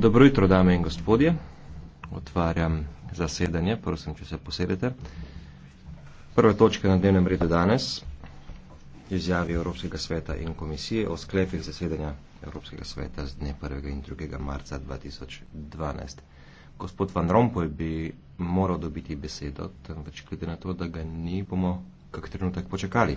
Dobro jutro, dame in gospodje. Otvarjam zasedanje. Prosim, če se posedete. Prva točka na dnevnem redu danes izjavi Evropskega sveta in komisije o sklepih zasedanja Evropskega sveta z dne 1. in 2. marca 2012. Gospod Van Rompuy bi moral dobiti besedo, temveč glede na to, da ga ni, bomo kak trenutek počakali.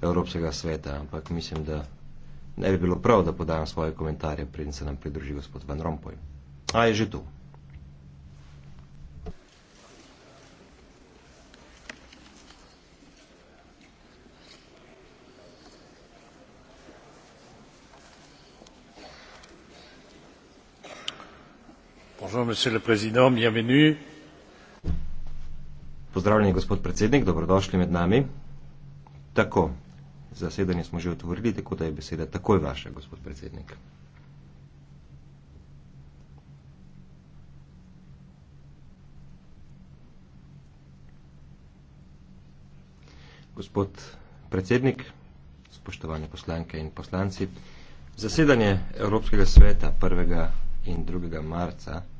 Evropskega sveta, ampak mislim, da ne bi bilo prav, da podajam svoje komentarje, preden se nam pridruži gospod Van Rompuy. A je že tu. Pozdravljeni, gospod predsednik, dobrodošli med nami. Tako. Zasedanje smo že otvorili, tako da je beseda takoj vaša, gospod predsednik. Gospod predsednik, spoštovane poslanke in poslanci, zasedanje Evropskega sveta 1. in 2. marca